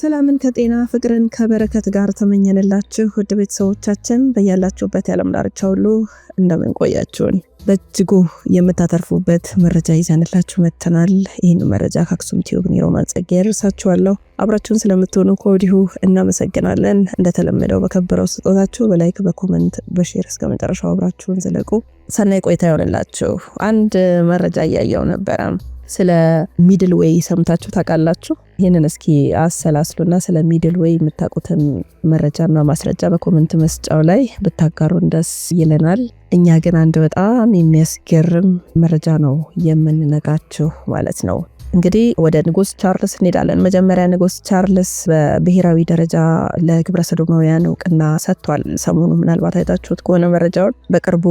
ሰላምን ከጤና ፍቅርን ከበረከት ጋር ተመኘንላችሁ ውድ ቤተሰቦቻችን በያላችሁበት የዓለም ዳርቻ ሁሉ እንደምን ቆያችሁን። በእጅጉ የምታተርፉበት መረጃ ይዘንላችሁ መጥተናል። ይህን መረጃ ከአክሱም ቲዩብ ኒሮ ጸጋ ያደርሳችኋለሁ። አብራችሁን ስለምትሆኑ ከወዲሁ እናመሰግናለን። እንደተለመደው በከበረው ስጦታችሁ በላይክ በኮመንት በሼር እስከ መጨረሻው አብራችሁን ዘለቁ። ሰናይ ቆይታ ይሆንላችሁ። አንድ መረጃ እያየው ነበረ ስለ ሚድል ዌይ ሰምታችሁ ታውቃላችሁ? ይህንን እስኪ አሰላስሉና ስለ ሚድል ዌይ የምታውቁትን መረጃና ማስረጃ በኮመንት መስጫው ላይ ብታጋሩን ደስ ይለናል። እኛ ግን አንድ በጣም የሚያስገርም መረጃ ነው የምንነጋችሁ ማለት ነው። እንግዲህ ወደ ንጉስ ቻርልስ እንሄዳለን። መጀመሪያ ንጉስ ቻርልስ በብሔራዊ ደረጃ ለግብረ ሰዶማውያን እውቅና ሰጥቷል። ሰሞኑ ምናልባት አይታችሁት ከሆነ መረጃውን በቅርቡ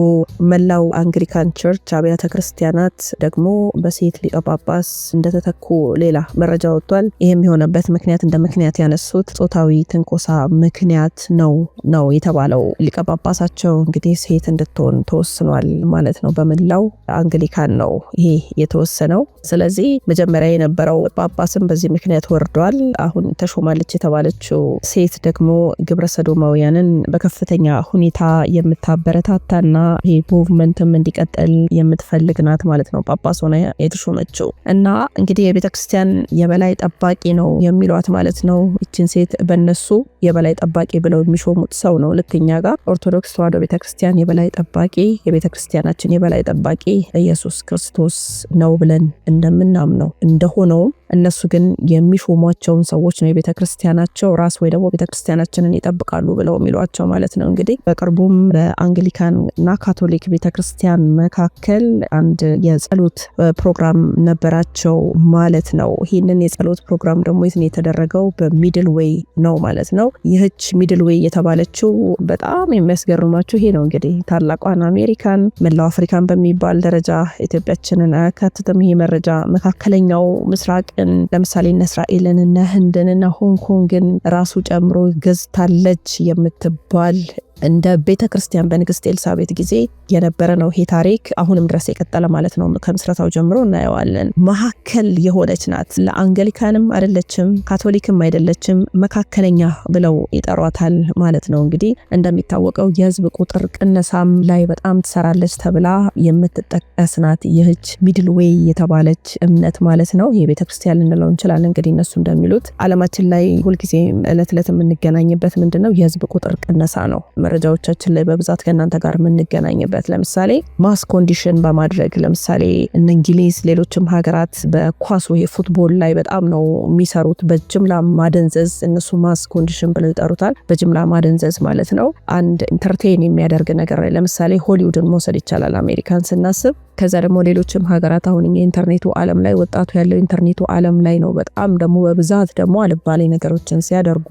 መላው አንግሊካን ቸርች አብያተ ክርስቲያናት ደግሞ በሴት ሊቀ ጳጳስ እንደተተኩ ሌላ መረጃ ወጥቷል። ይህም የሆነበት ምክንያት እንደ ምክንያት ያነሱት ጾታዊ ትንኮሳ ምክንያት ነው ነው የተባለው። ሊቀ ጳጳሳቸው እንግዲህ ሴት እንድትሆን ተወስኗል ማለት ነው። በመላው አንግሊካን ነው ይሄ የተወሰነው። ስለዚህ መጀመሪያ የነበረው ጳጳስም በዚህ ምክንያት ወርዷል። አሁን ተሾማለች የተባለችው ሴት ደግሞ ግብረ ሰዶማውያንን በከፍተኛ ሁኔታ የምታበረታታና ይሄ ሙቭመንትም እንዲቀጥል የምትፈልግ ናት ማለት ነው። ጳጳስ ሆነ የተሾመችው እና እንግዲህ የቤተክርስቲያን የበላይ ጠባቂ ነው የሚሏት ማለት ነው። ይችን ሴት በነሱ የበላይ ጠባቂ ብለው የሚሾሙት ሰው ነው። ልክ እኛ ጋር ኦርቶዶክስ ተዋሕዶ ቤተክርስቲያን የበላይ ጠባቂ የቤተክርስቲያናችን የበላይ ጠባቂ ኢየሱስ ክርስቶስ ነው ብለን እንደምናምነው እንደሆነውም እነሱ ግን የሚሾሟቸውን ሰዎች ነው የቤተ ክርስቲያናቸው ራስ ወይ ደግሞ ቤተ ክርስቲያናችንን ይጠብቃሉ ብለው የሚሏቸው ማለት ነው። እንግዲህ በቅርቡም በአንግሊካን እና ካቶሊክ ቤተ ክርስቲያን መካከል አንድ የጸሎት ፕሮግራም ነበራቸው ማለት ነው። ይህንን የጸሎት ፕሮግራም ደግሞ የት ነው የተደረገው? በሚድል ዌይ ነው ማለት ነው። ይህች ሚድል ዌይ የተባለችው በጣም የሚያስገርማችሁ ይሄ ነው እንግዲህ ታላቋን አሜሪካን መላው አፍሪካን በሚባል ደረጃ ኢትዮጵያችንን አያካትትም ይሄ መረጃ መካከለኛው ምስራቅ ለምሳሌ እነ እስራኤልን እነ ህንድን እና ሆንግ ራሱ ጨምሮ ገዝታለች የምትባል እንደ ቤተ ክርስቲያን በንግስት ኤልሳቤት ጊዜ የነበረ ነው ይሄ ታሪክ አሁንም ድረስ የቀጠለ ማለት ነው። ከምስረታው ጀምሮ እናየዋለን። መካከል የሆነች ናት። ለአንገሊካንም አይደለችም፣ ካቶሊክም አይደለችም። መካከለኛ ብለው ይጠሯታል ማለት ነው። እንግዲህ እንደሚታወቀው የህዝብ ቁጥር ቅነሳም ላይ በጣም ትሰራለች ተብላ የምትጠቀስ ናት። ይህች ሚድል ዌይ የተባለች እምነት ማለት ነው። ይህ ቤተክርስቲያን ልንለው እንችላለን። እንግዲህ እነሱ እንደሚሉት አለማችን ላይ ሁልጊዜ እለት እለት የምንገናኝበት ምንድነው የህዝብ ቁጥር ቅነሳ ነው። መረጃዎቻችን ላይ በብዛት ከእናንተ ጋር የምንገናኝበት ለምሳሌ ማስ ኮንዲሽን በማድረግ ለምሳሌ እነ እንግሊዝ፣ ሌሎችም ሀገራት በኳስ ወይ ፉትቦል ላይ በጣም ነው የሚሰሩት። በጅምላ ማደንዘዝ እነሱ ማስ ኮንዲሽን ብለው ይጠሩታል። በጅምላ ማደንዘዝ ማለት ነው አንድ ኢንተርቴን የሚያደርግ ነገር ላይ ለምሳሌ ሆሊውድን መውሰድ ይቻላል አሜሪካን ስናስብ ከዛ ደግሞ ሌሎችም ሀገራት አሁን የኢንተርኔቱ ዓለም ላይ ወጣቱ ያለው ኢንተርኔቱ ዓለም ላይ ነው። በጣም ደግሞ በብዛት ደግሞ አልባሌ ነገሮችን ሲያደርጉ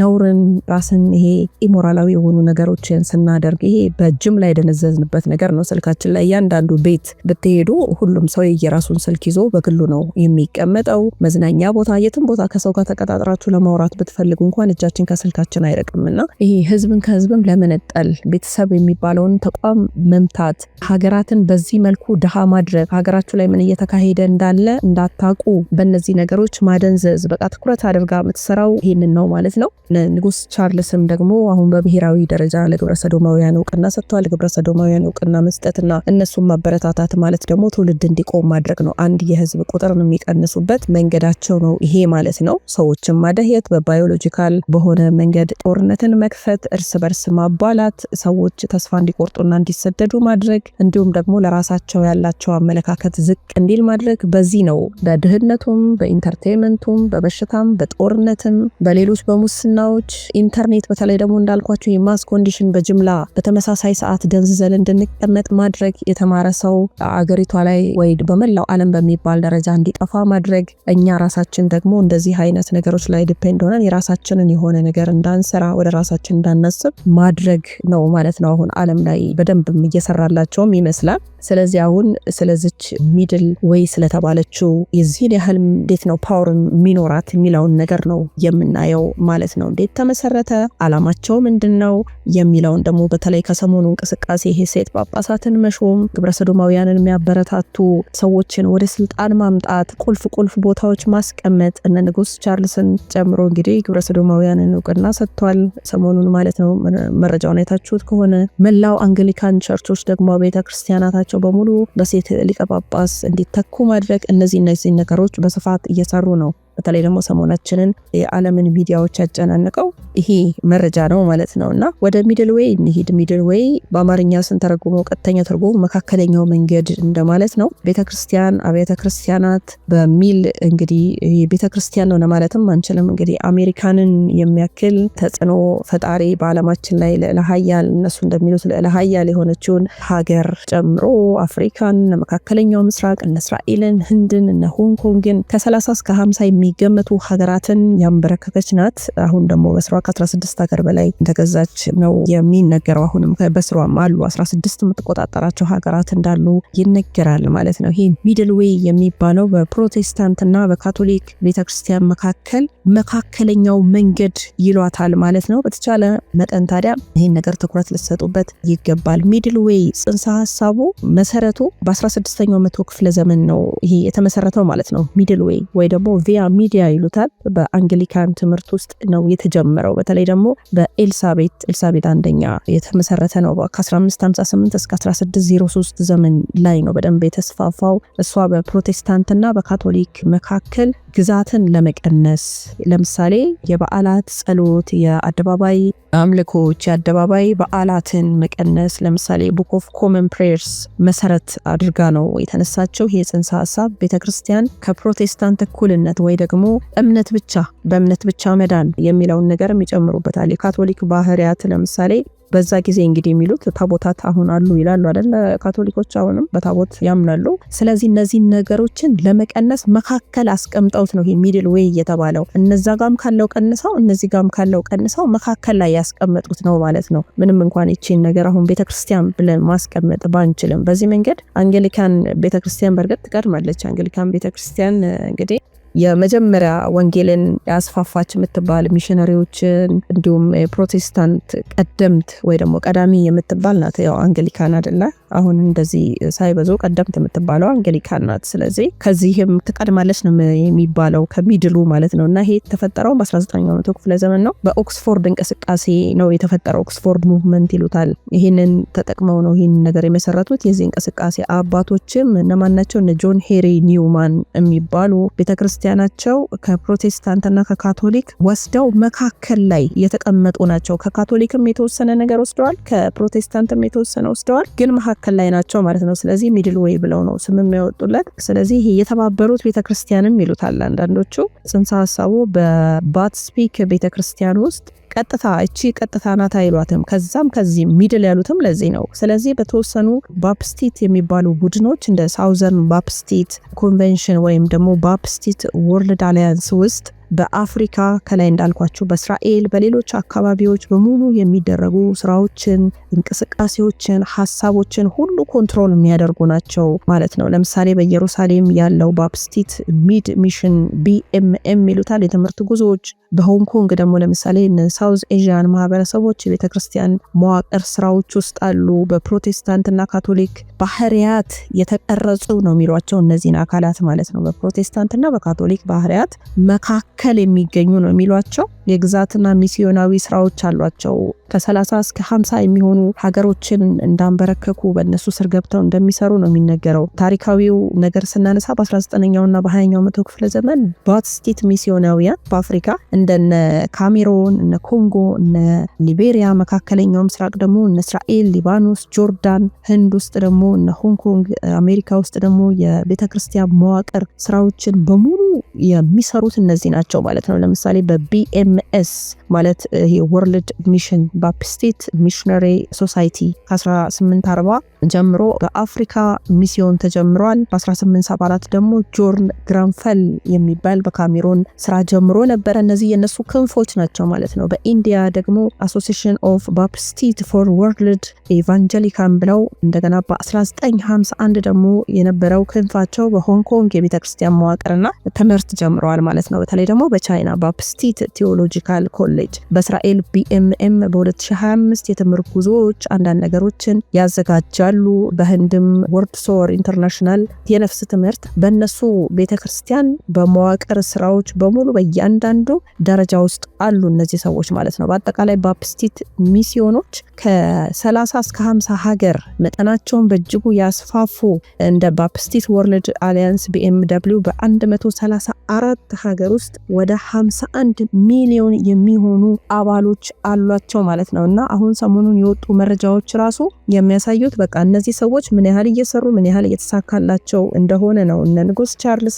ነውርን፣ ራስን ይሄ ኢሞራላዊ የሆኑ ነገር ነገሮችን ስናደርግ ይሄ ላይ የደነዘዝንበት ነገር ነው። ስልካችን ላይ እያንዳንዱ ቤት ብትሄዱ ሁሉም ሰው የየራሱን ስልክ ይዞ በግሉ ነው የሚቀመጠው። መዝናኛ ቦታ፣ የትም ቦታ ከሰው ጋር ተቀጣጥራችሁ ለማውራት ብትፈልጉ እንኳን እጃችን ከስልካችን አይርቅም ይሄ ህዝብን ከህዝብም ለመነጠል ቤተሰብ የሚባለውን ተቋም መምታት፣ ሀገራትን በዚህ መልኩ ድሃ ማድረግ፣ ሀገራችሁ ላይ ምን እየተካሄደ እንዳለ እንዳታቁ በእነዚህ ነገሮች ማደንዘዝ፣ በቃ ትኩረት አድርጋ የምትሰራው ይህንን ነው ማለት ነው። ንጉስ ቻርልስም ደግሞ አሁን በብሔራዊ ደረጃ ደረጃ ለግብረ ሰዶማውያን እውቅና ሰጥተዋል። ግብረ ሰዶማውያን እውቅና መስጠትና እነሱን ማበረታታት ማለት ደግሞ ትውልድ እንዲቆም ማድረግ ነው። አንድ የህዝብ ቁጥርን የሚቀንሱበት መንገዳቸው ነው ይሄ ማለት ነው። ሰዎችን ማደህየት፣ በባዮሎጂካል በሆነ መንገድ ጦርነትን መክፈት፣ እርስ በርስ ማባላት፣ ሰዎች ተስፋ እንዲቆርጡና እንዲሰደዱ ማድረግ እንዲሁም ደግሞ ለራሳቸው ያላቸው አመለካከት ዝቅ እንዲል ማድረግ በዚህ ነው በድህነቱም በኢንተርቴንመንቱም በበሽታም በጦርነትም በሌሎች በሙስናዎች ኢንተርኔት በተለይ ደግሞ እንዳልኳቸው የማስኮ ኮንዲሽን በጅምላ በተመሳሳይ ሰዓት ደንዝዘን እንድንቀመጥ ማድረግ የተማረ ሰው አገሪቷ ላይ ወይ በመላው ዓለም በሚባል ደረጃ እንዲጠፋ ማድረግ፣ እኛ ራሳችን ደግሞ እንደዚህ አይነት ነገሮች ላይ ዲፔንድ ሆነን የራሳችንን የሆነ ነገር እንዳንሰራ ወደ ራሳችን እንዳናስብ ማድረግ ነው ማለት ነው። አሁን ዓለም ላይ በደንብ እየሰራላቸውም ይመስላል። ስለዚህ አሁን ስለዚች ሚድል ወይ ስለተባለችው የዚህን ያህል እንዴት ነው ፓወር የሚኖራት የሚለውን ነገር ነው የምናየው ማለት ነው። እንዴት ተመሰረተ? አላማቸው ምንድን ነው? የሚለውን ደግሞ በተለይ ከሰሞኑ እንቅስቃሴ ይሄ ሴት ጳጳሳትን መሾም፣ ግብረ ሰዶማውያንን የሚያበረታቱ ሰዎችን ወደ ስልጣን ማምጣት፣ ቁልፍ ቁልፍ ቦታዎች ማስቀመጥ እነ ንጉስ ቻርልስን ጨምሮ እንግዲህ ግብረ ሰዶማውያንን እውቅና ሰጥቷል። ሰሞኑን ማለት ነው። መረጃውን አይታችሁት ከሆነ መላው አንግሊካን ቸርቾች ደግሞ ቤተ ክርስቲያናታቸው በሙሉ ለሴት ሊቀ ጳጳስ እንዲተኩ ማድረግ እነዚህ እነዚህ ነገሮች በስፋት እየሰሩ ነው። በተለይ ደግሞ ሰሞናችንን የዓለምን ሚዲያዎች ያጨናንቀው ይሄ መረጃ ነው ማለት ነው። እና ወደ ሚድል ዌይ እንሂድ። ሚድል ዌይ በአማርኛ ስንተረጉመው ቀጥተኛ ትርጉሙ መካከለኛው መንገድ እንደማለት ነው። ቤተክርስቲያን፣ አብያተ ክርስቲያናት በሚል እንግዲህ ቤተክርስቲያን ነው ለማለትም አንችልም። እንግዲህ አሜሪካንን የሚያክል ተጽዕኖ ፈጣሪ በዓለማችን ላይ ልዕለ ሀያል እነሱ እንደሚሉት ልዕለ ሀያል የሆነችውን ሀገር ጨምሮ አፍሪካን፣ መካከለኛው ምስራቅ፣ እነ እስራኤልን፣ ህንድን፣ እነ ሆንግ ኮንግን ከ30 እስከ 50 የሚገመቱ ሀገራትን ያንበረከከች ናት። አሁን ደግሞ በስሯ ከ16 ሀገር በላይ እንደገዛች ነው የሚነገረው። አሁንም በስሯም አሉ 16 የምትቆጣጠራቸው ሀገራት እንዳሉ ይነገራል ማለት ነው። ይህ ሚድል ዌይ የሚባለው በፕሮቴስታንትና በካቶሊክ ቤተክርስቲያን መካከል መካከለኛው መንገድ ይሏታል ማለት ነው። በተቻለ መጠን ታዲያ ይህን ነገር ትኩረት ልትሰጡበት ይገባል። ሚድል ዌይ ጽንሰ ሀሳቡ መሰረቱ በ16ኛው መቶ ክፍለ ዘመን ነው ይሄ የተመሰረተው ማለት ነው። ሚድል ዌይ ወይ ደግሞ ቪያ ሚዲያ ይሉታል። በአንግሊካን ትምህርት ውስጥ ነው የተጀመረው። በተለይ ደግሞ በኤልሳቤት ኤልሳቤት አንደኛ የተመሰረተ ነው። ከ1558 እስከ 1603 ዘመን ላይ ነው በደንብ የተስፋፋው። እሷ በፕሮቴስታንትና በካቶሊክ መካከል ግዛትን ለመቀነስ ለምሳሌ የበዓላት ጸሎት፣ የአደባባይ አምልኮዎች፣ የአደባባይ በዓላትን መቀነስ ለምሳሌ ቡክ ኦፍ ኮመን ፕሬየርስ መሰረት አድርጋ ነው የተነሳቸው። ይህ ጽንሰ ሀሳብ ቤተ ክርስቲያን ከፕሮቴስታንት እኩልነት ወይ ደግሞ እምነት ብቻ በእምነት ብቻ መዳን የሚለውን ነገር ይጨምሩበታል። የካቶሊክ ባህርያት ለምሳሌ በዛ ጊዜ እንግዲህ የሚሉት ታቦታት አሁን አሉ ይላሉ አደለ? ካቶሊኮች አሁንም በታቦት ያምናሉ። ስለዚህ እነዚህ ነገሮችን ለመቀነስ መካከል አስቀምጠውት ነው ሚድል ዌይ እየተባለው እነዛ ጋም ካለው ቀንሰው እነዚህ ጋም ካለው ቀንሰው መካከል ላይ ያስቀመጡት ነው ማለት ነው። ምንም እንኳን ይቺን ነገር አሁን ቤተክርስቲያን ብለን ማስቀመጥ ባንችልም በዚህ መንገድ አንግሊካን ቤተክርስቲያን በእርግጥ ትቀድማለች። አንግሊካን ቤተክርስቲያን እንግዲህ የመጀመሪያ ወንጌልን ያስፋፋች የምትባል ሚሽነሪዎችን እንዲሁም ፕሮቴስታንት ቀደምት ወይ ደግሞ ቀዳሚ የምትባል ናት። ያው አንግሊካን አደለ አሁን እንደዚህ ሳይበዙ ቀደምት የምትባለው አንግሊካን ናት። ስለዚህ ከዚህም ትቀድማለች ነው የሚባለው ከሚድሉ ማለት ነው። እና ይሄ የተፈጠረው በ19ኛው መቶ ክፍለ ዘመን ነው። በኦክስፎርድ እንቅስቃሴ ነው የተፈጠረው። ኦክስፎርድ ሙቭመንት ይሉታል። ይህንን ተጠቅመው ነው ይህን ነገር የመሰረቱት። የዚህ እንቅስቃሴ አባቶችም እነማን ናቸው? እነ ጆን ሄሪ ኒውማን የሚባሉ ቤተክርስ ክርስቲያናቸው ከፕሮቴስታንትና ከካቶሊክ ወስደው መካከል ላይ የተቀመጡ ናቸው። ከካቶሊክም የተወሰነ ነገር ወስደዋል፣ ከፕሮቴስታንትም የተወሰነ ወስደዋል፣ ግን መካከል ላይ ናቸው ማለት ነው። ስለዚህ ሚድል ዌይ ብለው ነው ስም የሚያወጡለት። ስለዚህ የተባበሩት ቤተክርስቲያንም ይሉታል አንዳንዶቹ። ጽንሰ ሀሳቡ በባትስፒክ ቤተክርስቲያን ውስጥ ቀጥታ እቺ ቀጥታ ናት አይሏትም። ከዛም ከዚህ ሚድል ያሉትም ለዚህ ነው። ስለዚህ በተወሰኑ ባፕስቲት የሚባሉ ቡድኖች እንደ ሳውዘርን ባፕስቲት ኮንቬንሽን ወይም ደግሞ ባፕስቲት ወርልድ አሊያንስ ውስጥ በአፍሪካ ከላይ እንዳልኳቸው በእስራኤል በሌሎች አካባቢዎች በሙሉ የሚደረጉ ስራዎችን፣ እንቅስቃሴዎችን፣ ሀሳቦችን ሁሉ ኮንትሮል የሚያደርጉ ናቸው ማለት ነው። ለምሳሌ በኢየሩሳሌም ያለው ባፕስቲት ሚድ ሚሽን ቢኤምኤም ይሉታል የትምህርት ጉዞዎች በሆንግ ኮንግ ደግሞ ለምሳሌ ሳውዝ ኤዥያን ማህበረሰቦች የቤተ ክርስቲያን መዋቅር ስራዎች ውስጥ አሉ። በፕሮቴስታንትና ካቶሊክ ባህርያት የተቀረጹ ነው የሚሏቸው እነዚህን አካላት ማለት ነው። በፕሮቴስታንትና በካቶሊክ ባህርያት መካከል ማዕከል የሚገኙ ነው የሚሏቸው የግዛትና ሚስዮናዊ ስራዎች አሏቸው። ከ30 እስከ 50 የሚሆኑ ሀገሮችን እንዳንበረከኩ በእነሱ ስር ገብተው እንደሚሰሩ ነው የሚነገረው። ታሪካዊው ነገር ስናነሳ በ19ኛውና በ20ኛው መቶ ክፍለ ዘመን ባት ሚስዮናውያን በአፍሪካ እንደነ ካሜሮን፣ እነ ኮንጎ፣ እነ ሊቤሪያ፣ መካከለኛው ምስራቅ ደግሞ እነ እስራኤል፣ ሊባኖስ፣ ጆርዳን፣ ህንድ ውስጥ ደግሞ እነ ሆንኮንግ፣ አሜሪካ ውስጥ ደግሞ የቤተክርስቲያን መዋቅር ስራዎችን በሙሉ የሚሰሩት እነዚህ ናቸው ማለት ነው። ለምሳሌ በቢኤምኤስ ማለት ይሄ ወርልድ ሚሽን ባፕስቲት ሚሽነሪ ሶሳይቲ ከ1840 ጀምሮ በአፍሪካ ሚስዮን ተጀምሯል። በ1874 ደግሞ ጆርን ግራንፈል የሚባል በካሜሮን ስራ ጀምሮ ነበረ። እነዚህ የነሱ ክንፎች ናቸው ማለት ነው። በኢንዲያ ደግሞ አሶሲሽን ኦፍ ባፕስቲት ፎር ወርልድ ኤቫንጀሊካን ብለው እንደገና በ1951 ደግሞ የነበረው ክንፋቸው በሆንኮንግ የቤተክርስቲያን መዋቅርና ትምህርት ጀምረዋል ማለት ነው። በተለይ ደግሞ በቻይና ባፕስቲት ቴዎሎጂካል ኮሌጅ አቅርባለች። በእስራኤል ቢኤምኤም በ2025 የትምህርት ጉዞዎች አንዳንድ ነገሮችን ያዘጋጃሉ። በህንድም ወርድ ሶር ኢንተርናሽናል የነፍስ ትምህርት በእነሱ ቤተክርስቲያን በመዋቅር ስራዎች በሙሉ በእያንዳንዱ ደረጃ ውስጥ አሉ እነዚህ ሰዎች ማለት ነው። በአጠቃላይ ባፕስቲት ሚስዮኖች ከ30 እስከ 50 ሀገር መጠናቸውን በእጅጉ ያስፋፉ እንደ ባፕስቲት ወርልድ አሊያንስ ቢኤምደብሊው በ134 ሀገር ውስጥ ወደ 51 ሚሊዮን የሚሆኑ የሆኑ አባሎች አሏቸው ማለት ነው። እና አሁን ሰሞኑን የወጡ መረጃዎች ራሱ የሚያሳዩት በቃ እነዚህ ሰዎች ምን ያህል እየሰሩ ምን ያህል እየተሳካላቸው እንደሆነ ነው። እነ ንጉስ ቻርልስ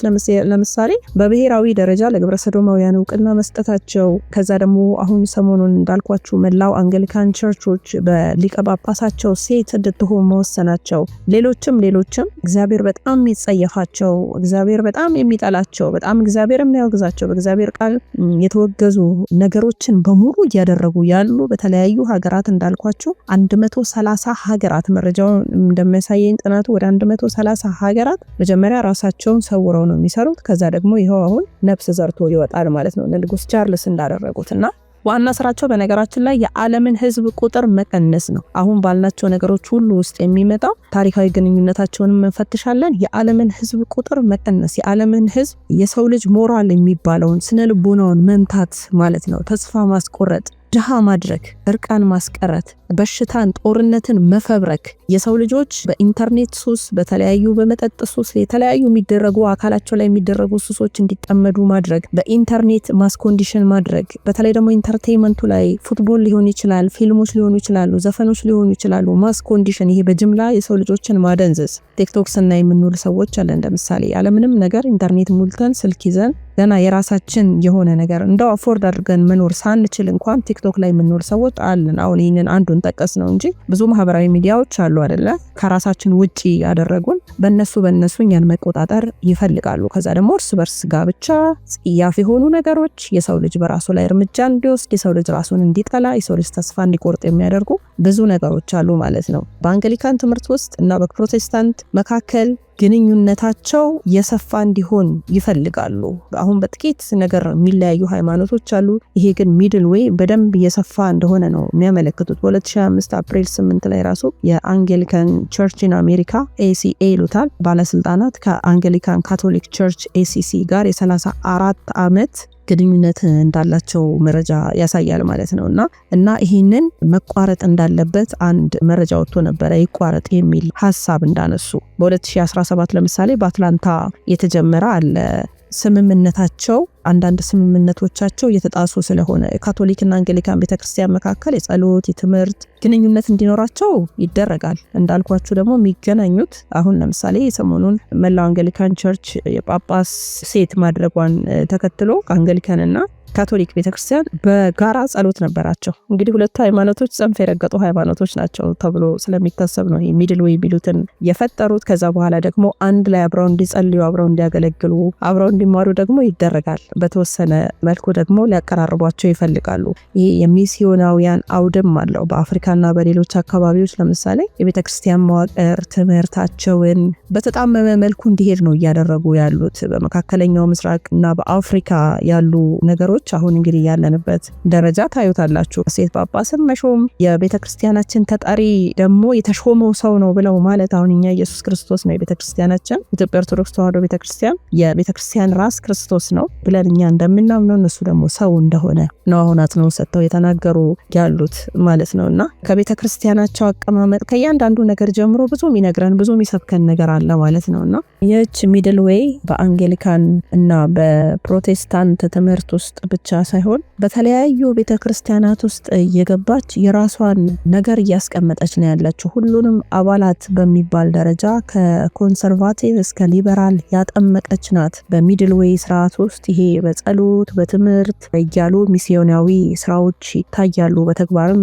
ለምሳሌ በብሔራዊ ደረጃ ለግብረ ሰዶማውያን እውቅና መስጠታቸው፣ ከዛ ደግሞ አሁን ሰሞኑን እንዳልኳችሁ መላው አንግሊካን ቸርቾች በሊቀ ጳጳሳቸው ሴት እንድትሆን መወሰናቸው፣ ሌሎችም ሌሎችም እግዚአብሔር በጣም የሚጸየፋቸው እግዚአብሔር በጣም የሚጠላቸው በጣም እግዚአብሔር የሚያወግዛቸው በእግዚአብሔር ቃል የተወገዙ ነገሮች ሀገራችን በሙሉ እያደረጉ ያሉ በተለያዩ ሀገራት እንዳልኳችሁ 130 ሀገራት መረጃው እንደሚያሳየኝ ጥናቱ ወደ 130 ሀገራት መጀመሪያ ራሳቸውን ሰውረው ነው የሚሰሩት። ከዛ ደግሞ ይኸው አሁን ነፍስ ዘርቶ ይወጣል ማለት ነው ንጉስ ቻርልስ እንዳደረጉት እና ዋና ስራቸው በነገራችን ላይ የዓለምን ህዝብ ቁጥር መቀነስ ነው። አሁን ባልናቸው ነገሮች ሁሉ ውስጥ የሚመጣው ታሪካዊ ግንኙነታቸውን እንፈትሻለን። የዓለምን ህዝብ ቁጥር መቀነስ፣ የዓለምን ህዝብ የሰው ልጅ ሞራል የሚባለውን ስነ ልቦናውን መምታት ማለት ነው። ተስፋ ማስቆረጥ፣ ድሃ ማድረግ፣ እርቃን ማስቀረት በሽታን፣ ጦርነትን መፈብረክ የሰው ልጆች በኢንተርኔት ሱስ፣ በተለያዩ በመጠጥ ሱስ፣ የተለያዩ የሚደረጉ አካላቸው ላይ የሚደረጉ ሱሶች እንዲጠመዱ ማድረግ፣ በኢንተርኔት ማስኮንዲሽን ማድረግ። በተለይ ደግሞ ኢንተርቴንመንቱ ላይ ፉትቦል ሊሆን ይችላል፣ ፊልሞች ሊሆኑ ይችላሉ፣ ዘፈኖች ሊሆኑ ይችላሉ። ማስኮንዲሽን ይሄ በጅምላ የሰው ልጆችን ማደንዘዝ። ቲክቶክ ስናይ የምንውል ሰዎች አለ እንደምሳሌ ያለምንም ነገር ኢንተርኔት ሙልተን ስልክ ይዘን ገና የራሳችን የሆነ ነገር እንደው አፎርድ አድርገን መኖር ሳንችል እንኳን ቲክቶክ ላይ የምንኖር ሰዎች አለን። አሁን ይህንን አንዱን ጠቀስ ነው እንጂ ብዙ ማህበራዊ ሚዲያዎች አሉ አደለ? ከራሳችን ውጪ ያደረጉን በነሱ በእነሱ እኛን መቆጣጠር ይፈልጋሉ። ከዛ ደግሞ እርስ በርስ ጋብቻ፣ ጽያፍ የሆኑ ነገሮች፣ የሰው ልጅ በራሱ ላይ እርምጃ እንዲወስድ፣ የሰው ልጅ ራሱን እንዲጠላ፣ የሰው ልጅ ተስፋ እንዲቆርጥ የሚያደርጉ ብዙ ነገሮች አሉ ማለት ነው። በአንግሊካን ትምህርት ውስጥ እና በፕሮቴስታንት መካከል ግንኙነታቸው የሰፋ እንዲሆን ይፈልጋሉ። አሁን በጥቂት ነገር የሚለያዩ ሃይማኖቶች አሉ። ይሄ ግን ሚድል ዌይ በደንብ የሰፋ እንደሆነ ነው የሚያመለክቱት። በ2025 አፕሪል 8 ላይ ራሱ የአንግሊካን ቸርች ኢን አሜሪካ ኤሲኤ ይሉታል ባለስልጣናት ከአንግሊካን ካቶሊክ ቸርች ኤሲሲ ጋር የ34 ዓመት ግንኙነት እንዳላቸው መረጃ ያሳያል ማለት ነው እና እና ይህንን መቋረጥ እንዳለበት አንድ መረጃ ወጥቶ ነበረ ይቋረጥ የሚል ሀሳብ እንዳነሱ በ2017 ለምሳሌ በአትላንታ የተጀመረ አለ ስምምነታቸው አንዳንድ ስምምነቶቻቸው እየተጣሱ ስለሆነ ካቶሊክና አንግሊካን ቤተክርስቲያን መካከል የጸሎት የትምህርት ግንኙነት እንዲኖራቸው ይደረጋል። እንዳልኳችሁ ደግሞ የሚገናኙት አሁን ለምሳሌ የሰሞኑን መላው አንግሊካን ቸርች የጳጳስ ሴት ማድረጓን ተከትሎ ከአንግሊካንና ካቶሊክ ቤተክርስቲያን በጋራ ጸሎት ነበራቸው። እንግዲህ ሁለቱ ሃይማኖቶች ጽንፍ የረገጡ ሃይማኖቶች ናቸው ተብሎ ስለሚታሰብ ነው ሚድል ወይ የሚሉትን የፈጠሩት። ከዛ በኋላ ደግሞ አንድ ላይ አብረው እንዲጸልዩ፣ አብረው እንዲያገለግሉ፣ አብረው እንዲማሩ ደግሞ ይደረጋል። በተወሰነ መልኩ ደግሞ ሊያቀራርቧቸው ይፈልጋሉ። ይሄ የሚስዮናውያን አውድም አለው። በአፍሪካና በሌሎች አካባቢዎች ለምሳሌ የቤተክርስቲያን መዋቅር ትምህርታቸውን በተጣመመ መልኩ እንዲሄድ ነው እያደረጉ ያሉት። በመካከለኛው ምስራቅ እና በአፍሪካ ያሉ ነገሮች ሰዎች አሁን እንግዲህ ያለንበት ደረጃ ታዩታላችሁ። ሴት ጳጳስን መሾም የቤተ ክርስቲያናችን ተጠሪ ደግሞ የተሾመው ሰው ነው ብለው ማለት አሁን እኛ ኢየሱስ ክርስቶስ ነው የቤተ ክርስቲያናችን ኢትዮጵያ ኦርቶዶክስ ተዋህዶ ቤተ ክርስቲያን የቤተ ክርስቲያን ራስ ክርስቶስ ነው ብለን እኛ እንደምናምነው እነሱ ደግሞ ሰው እንደሆነ ነው አሁን አጽነው ሰጥተው የተናገሩ ያሉት ማለት ነው። እና ከቤተ ክርስቲያናቸው አቀማመጥ ከእያንዳንዱ ነገር ጀምሮ ብዙ የሚነግረን ብዙ የሚሰብከን ነገር አለ ማለት ነው። እና ይህች ሚድል ዌይ በአንጌሊካን እና በፕሮቴስታንት ትምህርት ውስጥ ብቻ ሳይሆን በተለያዩ ቤተ ክርስቲያናት ውስጥ እየገባች የራሷን ነገር እያስቀመጠች ነው ያለችው። ሁሉንም አባላት በሚባል ደረጃ ከኮንሰርቫቲቭ እስከ ሊበራል ያጠመቀች ናት። በሚድል ዌይ ስርዓት ውስጥ ይሄ በጸሎት በትምህርት እያሉ ሚስዮናዊ ስራዎች ይታያሉ። በተግባርም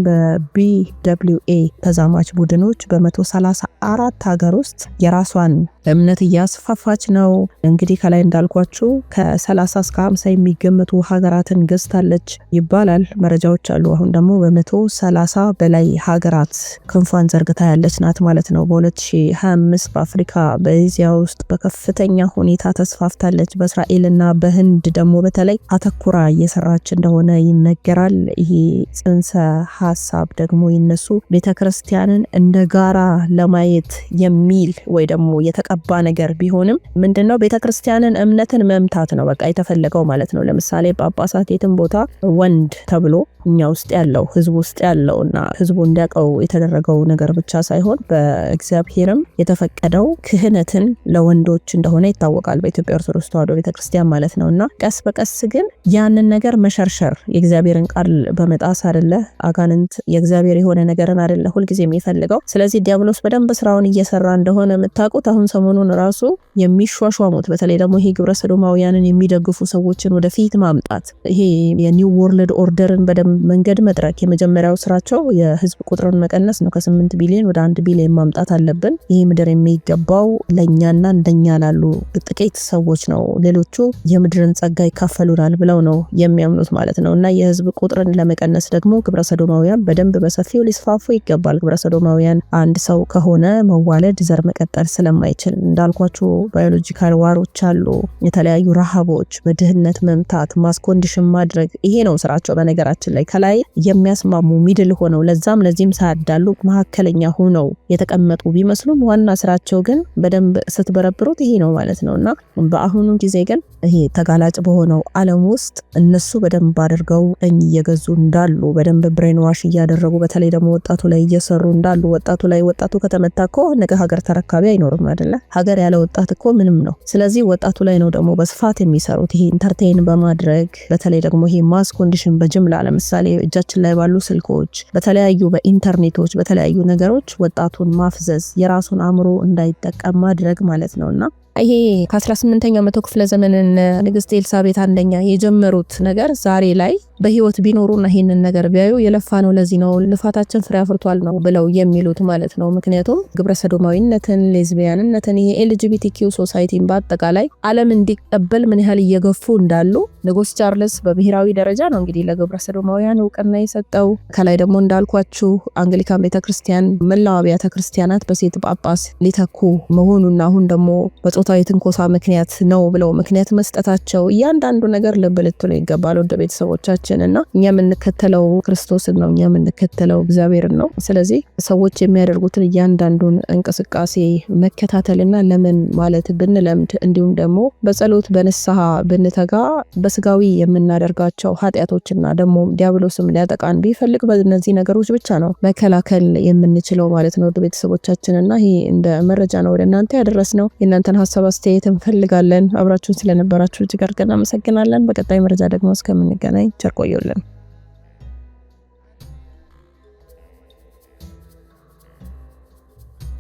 ኤ ተዛማች ቡድኖች በ134 ሀገር ውስጥ የራሷን እምነት እያስፋፋች ነው። እንግዲህ ከላይ እንዳልኳችሁ ከ30 እስከ 50 የሚገመቱ ሀገራትን ገዝታለች ይባላል መረጃዎች አሉ። አሁን ደግሞ በመቶ 30 በላይ ሀገራት ክንፏን ዘርግታ ያለች ናት ማለት ነው። በ2025 በአፍሪካ በእስያ ውስጥ በከፍተኛ ሁኔታ ተስፋፍታለች። በእስራኤልና በህንድ ደግሞ በተለይ አተኩራ እየሰራች እንደሆነ ይነገራል። ይሄ ጽንሰ ሀሳብ ደግሞ ይነሱ ቤተክርስቲያንን እንደ ጋራ ለማየት የሚል ወይ ደግሞ የተቀ የተዛባ ነገር ቢሆንም ምንድነው ቤተክርስቲያንን እምነትን መምታት ነው በቃ የተፈለገው ማለት ነው። ለምሳሌ ጳጳሳት የትም ቦታ ወንድ ተብሎ እኛ ውስጥ ያለው ህዝብ ውስጥ ያለውና ህዝቡ እንዲያውቀው የተደረገው ነገር ብቻ ሳይሆን በእግዚአብሔርም የተፈቀደው ክህነትን ለወንዶች እንደሆነ ይታወቃል፣ በኢትዮጵያ ኦርቶዶክስ ተዋሕዶ ቤተክርስቲያን ማለት ነው። እና ቀስ በቀስ ግን ያንን ነገር መሸርሸር የእግዚአብሔርን ቃል በመጣስ አደለ፣ አጋንንት የእግዚአብሔር የሆነ ነገርን አደለ ሁልጊዜ የሚፈልገው። ስለዚህ ዲያብሎስ በደንብ ስራውን እየሰራ እንደሆነ የምታውቁት አሁን ሰሞኑን ራሱ የሚሿሿሙት በተለይ ደግሞ ይሄ ግብረ ሰዶማውያንን የሚደግፉ ሰዎችን ወደፊት ማምጣት ይሄ የኒው ወርልድ ኦርደርን በደንብ መንገድ መጥረግ የመጀመሪያው ስራቸው የህዝብ ቁጥርን መቀነስ ነው። ከስምንት ቢሊዮን ወደ አንድ ቢሊዮን ማምጣት አለብን። ይህ ምድር የሚገባው ለእኛና እንደኛ ላሉ ጥቂት ሰዎች ነው። ሌሎቹ የምድርን ጸጋ ይካፈሉናል ብለው ነው የሚያምኑት ማለት ነው። እና የህዝብ ቁጥርን ለመቀነስ ደግሞ ግብረ ሰዶማውያን በደንብ በሰፊው ሊስፋፉ ይገባል። ግብረ ሰዶማውያን አንድ ሰው ከሆነ መዋለድ፣ ዘር መቀጠል ስለማይችል እንዳልኳችሁ ባዮሎጂካል ዋሮች አሉ። የተለያዩ ረሃቦች፣ በድህነት መምታት፣ ማስኮንዲሽን ማድረግ ይሄ ነው ስራቸው በነገራችን ላይ ላይ ከላይ የሚያስማሙ ሚድል ሆነው ለዛም ለዚህም ሳያዳሉ መካከለኛ ሆነው የተቀመጡ ቢመስሉም ዋና ስራቸው ግን በደንብ ስትበረብሩት ይሄ ነው ማለት ነው። እና በአሁኑ ጊዜ ግን ይሄ ተጋላጭ በሆነው ዓለም ውስጥ እነሱ በደንብ አድርገው ቀኝ እየገዙ እንዳሉ በደንብ ብሬን ዋሽ እያደረጉ በተለይ ደግሞ ወጣቱ ላይ እየሰሩ እንዳሉ ወጣቱ ላይ ወጣቱ ከተመታ እኮ ነገ ሀገር ተረካቢ አይኖርም አይደለ? ሀገር ያለ ወጣት እኮ ምንም ነው። ስለዚህ ወጣቱ ላይ ነው ደግሞ በስፋት የሚሰሩት ይሄ ኢንተርቴን በማድረግ በተለይ ደግሞ ይሄ ማስ ኮንዲሽን በጅምላ ለምሳሌ ለምሳሌ እጃችን ላይ ባሉ ስልኮች፣ በተለያዩ በኢንተርኔቶች፣ በተለያዩ ነገሮች ወጣቱን ማፍዘዝ የራሱን አእምሮ እንዳይጠቀም ማድረግ ማለት ነው እና ይሄ ከ18ኛው መቶ ክፍለ ዘመንን ንግስት ኤልሳቤት አንደኛ የጀመሩት ነገር ዛሬ ላይ በህይወት ቢኖሩና ይህንን ነገር ቢያዩ የለፋ ነው ለዚህ ነው ልፋታችን ፍሬ አፍርቷል ነው ብለው የሚሉት ማለት ነው። ምክንያቱም ሰዶማዊነትን፣ ሌዝቢያንነትን ይሄ ኤልጂቢቲኪው ሶሳይቲን በአጠቃላይ አለም እንዲቀበል ምን ያህል እየገፉ እንዳሉ ንጉስ ቻርልስ በብሔራዊ ደረጃ ነው እንግዲህ ሰዶማውያን እውቅና የሰጠው። ከላይ ደግሞ እንዳልኳችሁ አንግሊካን ቤተክርስቲያን መላው አብያተ ክርስቲያናት በሴት ጳጳስ ሊተኩ መሆኑና አሁን ደግሞ በጾታዊ ትንኮሳ ምክንያት ነው ብለው ምክንያት መስጠታቸው እያንዳንዱ ነገር ልብ ልትሉ ይገባል ወደ ቤተሰቦቻቸው ሰዎችን እና እኛ የምንከተለው ክርስቶስን ነው። እኛ የምንከተለው እግዚአብሔርን ነው። ስለዚህ ሰዎች የሚያደርጉትን እያንዳንዱን እንቅስቃሴ መከታተልና ለምን ማለት ብንለምድ እንዲሁም ደግሞ በጸሎት በንስሐ ብንተጋ በስጋዊ የምናደርጋቸው ኃጢአቶችና ደግሞ ዲያብሎስም ሊያጠቃን ቢፈልግ በእነዚህ ነገሮች ብቻ ነው መከላከል የምንችለው ማለት ነው። ቤተሰቦቻችን እና ይሄ እንደ መረጃ ነው ወደ እናንተ ያደረስ ነው። የእናንተን ሀሳብ አስተያየት እንፈልጋለን። አብራችሁን ስለነበራችሁ እጅግ አድርገን አመሰግናለን። በቀጣይ መረጃ ደግሞ እስከምንገናኝ ቸር koyuyorum.